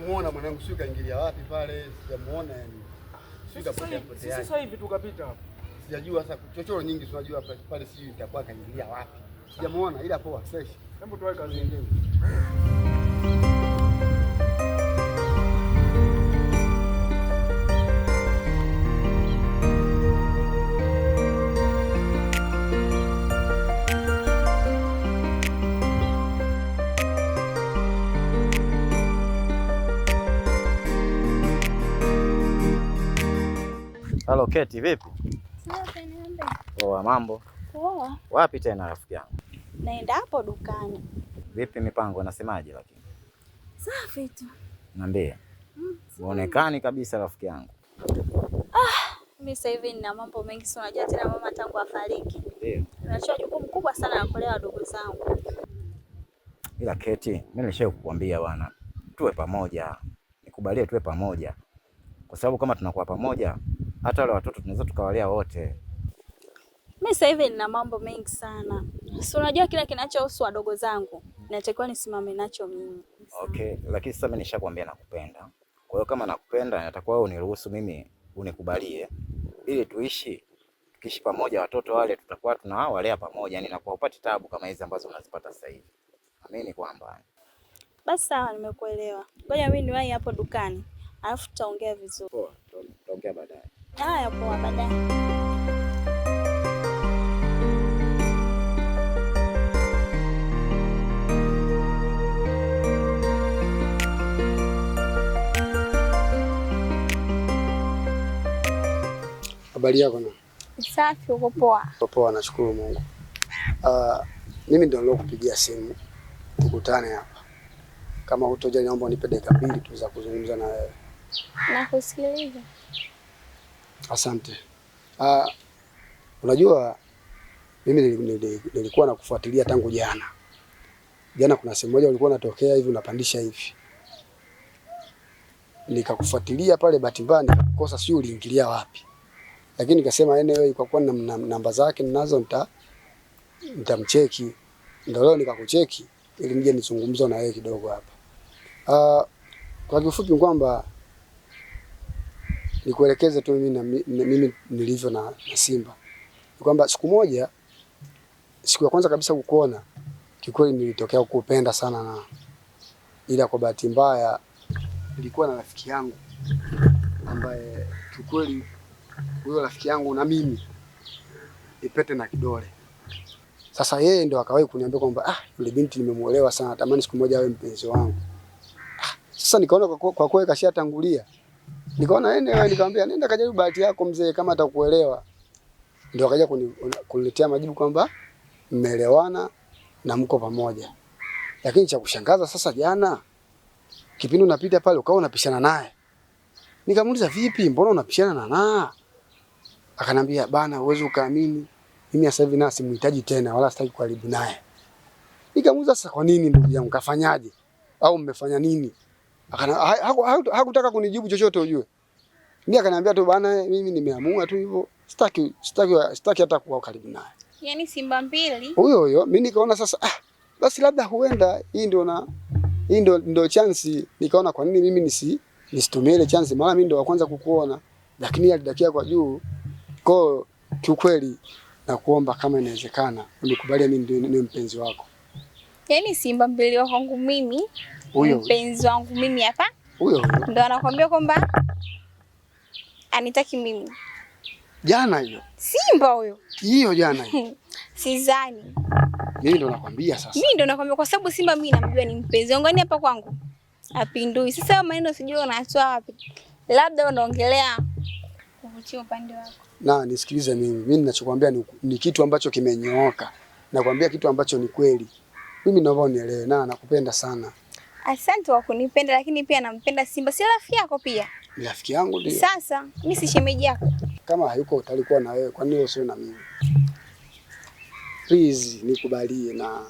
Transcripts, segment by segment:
sijamuona mwanangu, sio kaingilia wapi pale, sijamuona yani. sasa hivi tukapita hapo, sijajua sasa. Chochoro nyingi tunajua pale, si itakuwa kaingilia wapi, sijamuona, ila poa. Hebu tuwae kazi. Halo Keti, vipi? Poa. Mambo poa. Wapi tena rafiki yangu? Naenda hapo dukani. Vipi mipango nasemaje? Lakini safi tu. Niambie. Mm, Uonekani mm, kabisa rafiki yangu. Ah, mimi sasa hivi nina mambo mengi, si unajua tena mama tangu afariki. Ndio. Nachukua jukumu kubwa sana la kulea ndugu zangu. Ila Keti, mimi nilishawahi kukwambia bwana, tuwe pamoja, nikubalie tuwe pamoja, kwa sababu kama tunakuwa pamoja hata wale watoto tunaweza tukawalea wote. Mimi sasa hivi nina mambo mengi sana, si unajua kila kinachohusu wadogo zangu natakiwa nisimame nacho mimi. Okay, lakini sasa mimi nishakwambia nakupenda. Kwa hiyo kama nakupenda, natakuwa wewe uniruhusu mimi, unikubalie ili tuishi tukiishi pamoja, watoto wale tutakuwa tunawalea pamoja, yani nakuwa upati tabu kama hizi ambazo unazipata sasa hivi. Amini kwamba basi. Sawa, nimekuelewa. Ngoja mimi niwahi hapo dukani, alafu tutaongea vizuri. Poa, tutaongea baadaye. Haya, poa, baadaye. Habari yako na? Safi, uko poa? Poa, nashukuru Mungu. Uh, mimi ndio nilokupigia simu tukutane hapa. Kama hutojali, naomba unipe dakika mbili tu za kuzungumza na wewe. Nakusikiliza. Asante. Uh, unajua mimi nilikuwa nakufuatilia tangu jana. Jana kuna sehemu moja ulikuwa unatokea hivi unapandisha hivi, nikakufuatilia pale, bahati mbaya sio uliingilia wapi, lakini nikasema anyway, yaani kwa kuwa namba zake ninazo nitamcheki, ndio leo nikakucheki ili nije nizungumze na yeye kidogo hapa. Uh, kwa kifupi kwamba nikuelekeze tu mimi, na, mimi nilivyo na, na Simba ni kwamba siku moja, siku ya kwanza kabisa kukuona, kikweli nilitokea kukupenda sana na ila kwa bahati mbaya nilikuwa na rafiki yangu ambaye kikweli huyo rafiki yangu na mimi ipete na kidole. Sasa yeye ndo akawahi kuniambia kwamba ah, yule binti nimemuolewa sana, natamani siku moja awe mpenzi wangu. Ah, sasa nikaona kwa kweli kashatangulia Nikaona nenda wewe, nikamwambia nenda kajaribu bahati yako mzee, kama atakuelewa. Ndio akaja kuniletea majibu kwamba mmeelewana na mko pamoja. Lakini cha kushangaza sasa, jana kipindi unapita pale ukawa unapishana naye. Nikamuuliza vipi, mbona unapishana na na? Akanambia bana, uweze ukaamini mimi sasa hivi na simhitaji tena, wala sitaki kuharibu naye. Nikamuuliza sasa, kwa nini ndugu yangu, kafanyaje au mmefanya nini? Akana hakutaka kunijibu chochote ujue. Mimi akaniambia tu bana, mimi nimeamua tu hivyo. Sitaki sitaki sitaki hata kuwa karibu naye. Yaani Simba mbili. Huyo huyo, mimi nikaona sasa ah, basi labda huenda hii ndio na hii ndio ndio chance nikaona kwa nini mimi nisi nisitumie ile chance maana mimi ndio wa kwanza kukuona lakini alidakia kwa juu. Kwa kiukweli na kuomba kama inawezekana unikubalie mimi ndio mpenzi wako. Yaani Simba mbili wa kwangu mimi huyo mpenzi wangu mimi hapa, huyo ndo anakuambia kwamba anitaki mimi. Jana hiyo simba huyo, hiyo jana hiyo sizani mimi ndo nakwambia sasa. Mimi ndo nakwambia kwa sababu Simba mimi namjua ni mpenzi wangu yaani hapa kwangu. Apindui. Sasa maneno sijui unatoa wapi. Labda unaongelea kuvutia upande wako. Na nisikilize mimi. Mimi ninachokwambia ni, ni kitu ambacho kimenyooka. Nakwambia kitu ambacho ni kweli. Mimi naomba unielewe na nakupenda sana. Asante kwa kunipenda, lakini pia nampenda Simba. Si rafiki yako pia? Rafiki yangu ndio. Sasa mimi si shemeji yako. Kama hayuko talikuwa na wewe, kwa nini usiwe na mimi? Please nikubalie na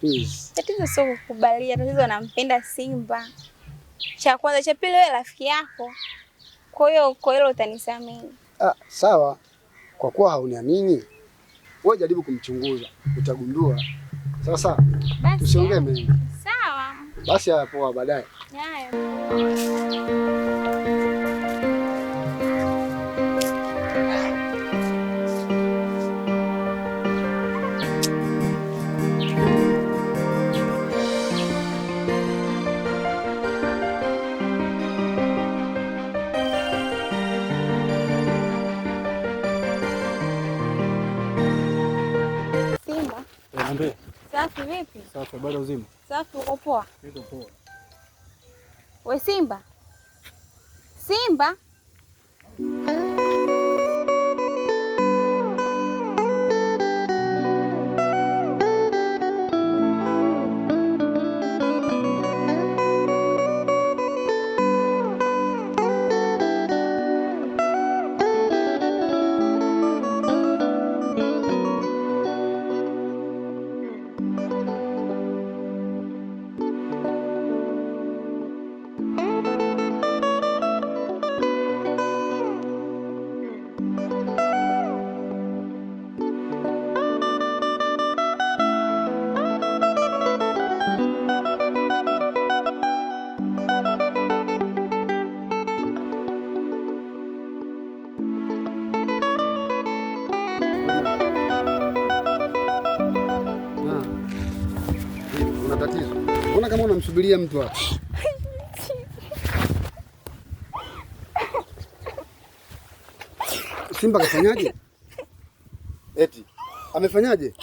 please. Tatizo sio kukubalia, tatizo nampenda Simba. Cha kwanza, cha pili wewe rafiki yako. Kwa hiyo kwa hilo utanisamehe. Ah, sawa. Kwa kuwa hauniamini, wewe jaribu kumchunguza, utagundua. Sasa tusiongee mengi. Basi hayapoa baadaye. Habari uzima? Safi, uko poa? Niko poa. We Simba, Simba hmm. unamsubiria mtu hapa? Simba kafanyaje? Eti amefanyaje?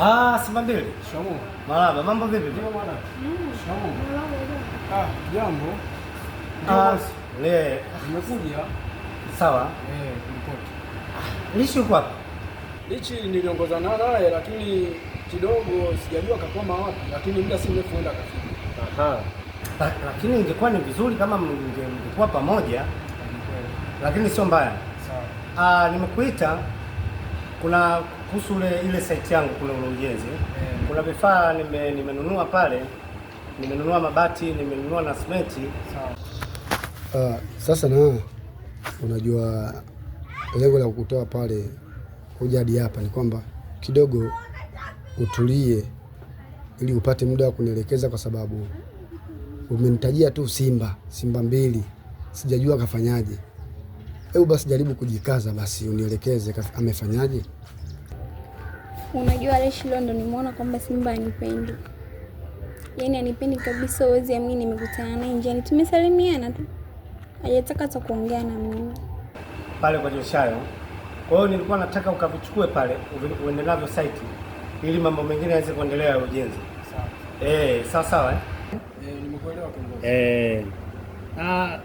Ah, Simba mbili. Shikamoo. Marhaba, mambo vipi? Shikamoo. Mm. Ah, jambo. Ah le zimekuja sawa. Eh, kuripoti ah, uko wapi? Lichi niliongoza naye lakini kidogo sijajua kakoma wapi, lakini muda si mrefu enda kafika. Aha. La, lakini ingekuwa ni vizuri kama mngekuwa pamoja lakini sio mbaya. Sawa. Ah, nimekuita kuna kuhusu ile site yangu kule ule ujenzi. Yeah. Kuna vifaa nime nimenunua pale, nimenunua mabati, nimenunua na simenti. Sawa. Uh, sasa na unajua lengo la kukutoa pale kuja hadi hapa ni kwamba kidogo utulie, ili upate muda wa kunielekeza, kwa sababu umenitajia tu simba simba mbili, sijajua kafanyaje. Hebu basi jaribu kujikaza, basi unielekeze amefanyaje. Unajua Reshi, leo ndo nimeona kwamba simba anipendi, yani anipendi kabisa. Uwezi amini, nimekutana naye njiani, tumesalimiana tu hajataka hata kuongea na mimi pale kwa joshayo Kwa hiyo nilikuwa nataka ukavichukue pale uende navyo site ili mambo mengine yaweze kuendelea ya ujenzi. Eh, sawa sawa eh? Eh, Ah,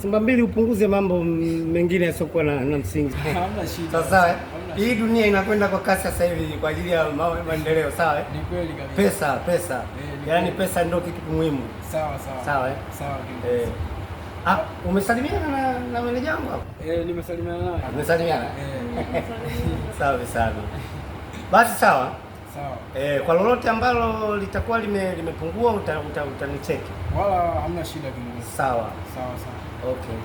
Simba mbili upunguze mambo mengine yasiokuwa na, na msingi. Hamna shida. sawa. Eh? hii dunia inakwenda kwa kasi sasa hivi kwa ajili ya maendeleo, sawa eh? Ni kweli kabisa. Pesa, pesa. Eh, yaani pesa ndio kitu muhimu. Sawa sawa. Sawa eh? Sawa Eh. Ah, umesalimiana na na meneja wangu hapo? Eh, nimesalimiana naye. Umesalimiana? Eh. Sawa sana. Basi sawa. Sawa. Eh, kwa lolote ambalo litakuwa lime, limepungua utanicheki. Uta, uta, uta wala hamna shida kingine. Sawa. Sawa sawa. Okay.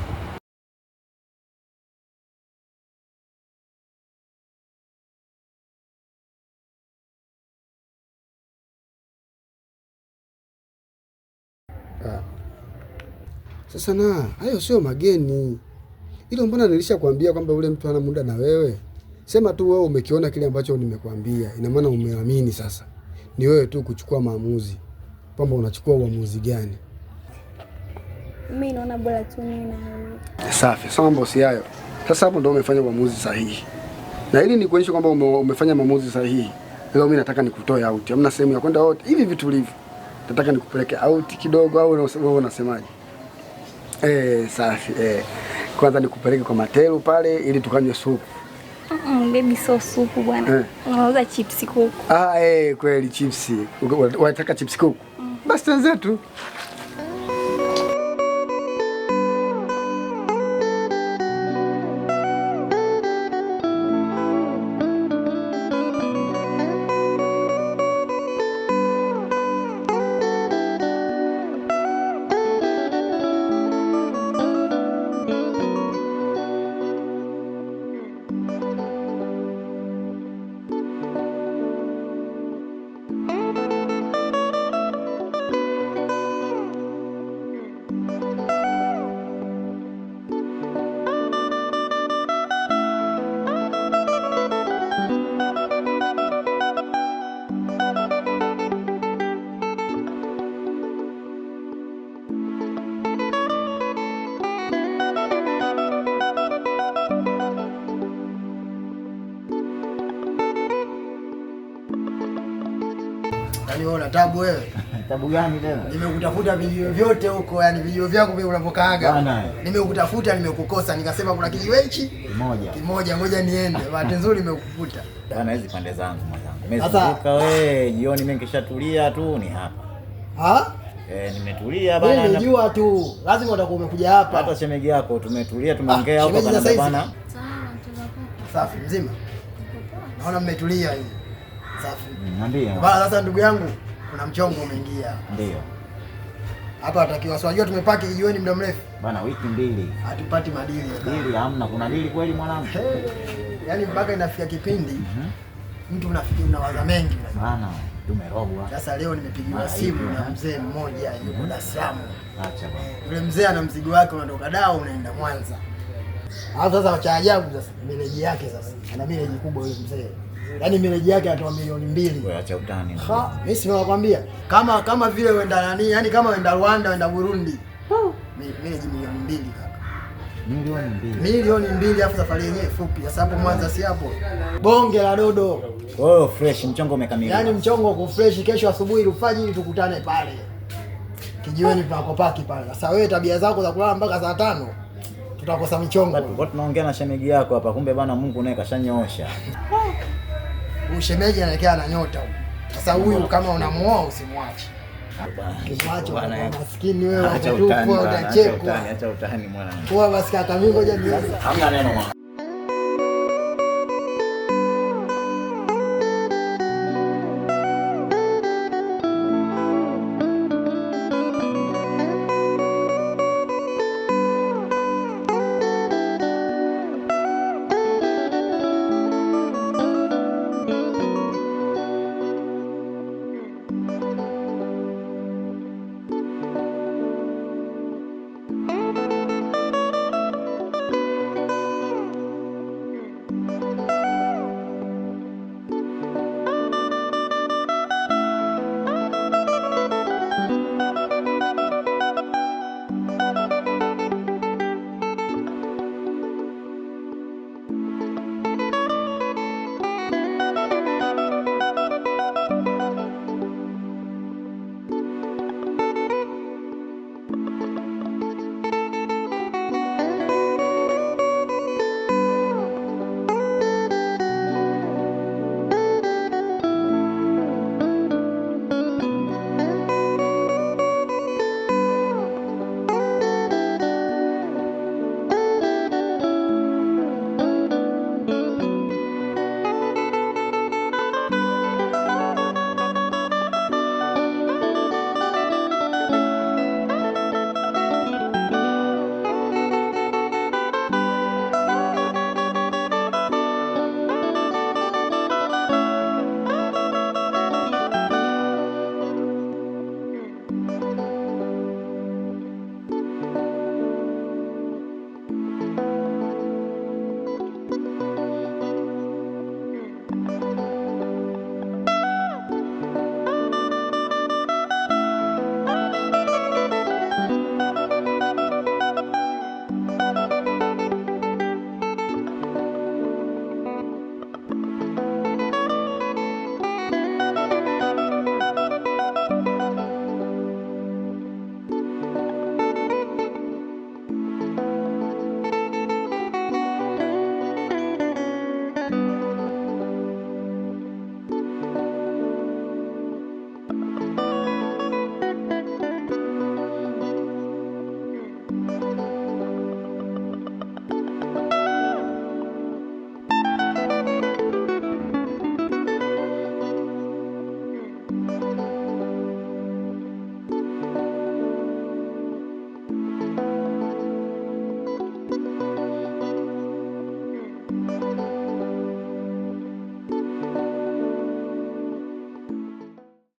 Sasa na hayo sio mageni. Hilo mbona nilishakwambia kwamba ule mtu ana muda na wewe. Sema tu wewe umekiona kile ambacho nimekwambia. Ina maana umeamini sasa. Ni wewe tu kuchukua maamuzi. Kwamba unachukua uamuzi gani? Mimi naona bora tu mimi na wewe. Safi. Sawa si hayo. Sasa hapo ndio umefanya uamuzi sahihi. Na ili ni kuonyesha kwamba ume, umefanya maamuzi sahihi. Leo mimi nataka nikutoe out. Hamna sehemu ya kwenda out. Hivi vitu vilivyo. Nataka nikupeleke out kidogo au wewe unasemaje? Eh, safi eh. Kwanza nikupeleke kwa Matelu pale ili tukanywe supu. Mm, baby so supu bwana. Eh. Unauza chipsi kuku. Ah, eh, kweli chipsi. Unataka chipsi kuku? Mm. Basi tenzetu. tabu wewe. Tabu gani tena? Nimekutafuta vijio vyote huko, yani vijio vyako vile unavyokaaga. Nimekutafuta, nimekukosa, nikasema kuna kijiwe hichi kimoja. Kimoja ngoja niende. Bahati nzuri nimekukuta. Bana hizi pande zangu mwanangu. Nimezunguka wewe, jioni mimi nikishatulia tu ni hapa. Ha? Eh, nimetulia bana. Nilijua tu. Lazima utakuwa umekuja hapa. Hata shemeji yako tumetulia, ah, tumeongea hapo bana bana. Safi mzima. Naona mmetulia hivi. Safi. Mm, niambie. Bana sasa ndugu yangu kuna mchongo umeingia. Ndio. Hapa atakiwa si wajua tumepaki kijiweni muda mrefu. Bana wiki mbili. Hatupati madili. Dili hamna, kuna dili kweli mwanangu. Hey, Yaani mpaka inafikia kipindi mhm. mtu unafikiri unawaza mengi bana. Tumerogwa. Sasa leo nimepigiwa simu na mzee mmoja yuko mhm. Dar es Salaam. Acha bana. Eh, yule mzee ana mzigo wake unatoka dao unaenda Mwanza. Alafu sasa cha ajabu sasa mileji yake sasa. Ana mileji kubwa yule mzee yaani mileji yake anatoa milioni mbili. Wewe acha utani. Ha, mimi si nakwambia kama kama vile wenda nani, yaani kama wenda Rwanda, wenda Burundi. Mileji milioni mbili kaka. Milioni mbili. Milioni mbili afu safari yenyewe fupi. Sasa hapo Mwanza si hapo. Bonge la dodo. Oh, fresh mchongo umekamilika. Yaani mchongo uko fresh, kesho asubuhi rufaji tukutane pale. Kijiweni pako paki pale. Sasa wewe tabia zako za kulala mpaka saa tano tutakosa michongo. Tunaongea na shemeji yako hapa, kumbe bana Mungu naye kashanyoosha. Ushemeji anaelekea na nyota huyu. Sasa huyu kama unamuoa usimwache. Maskini wewe, utachekwa. Acha utani mwana. Kwa basi hata mimi ngoja nianze. Hamna neno mwana.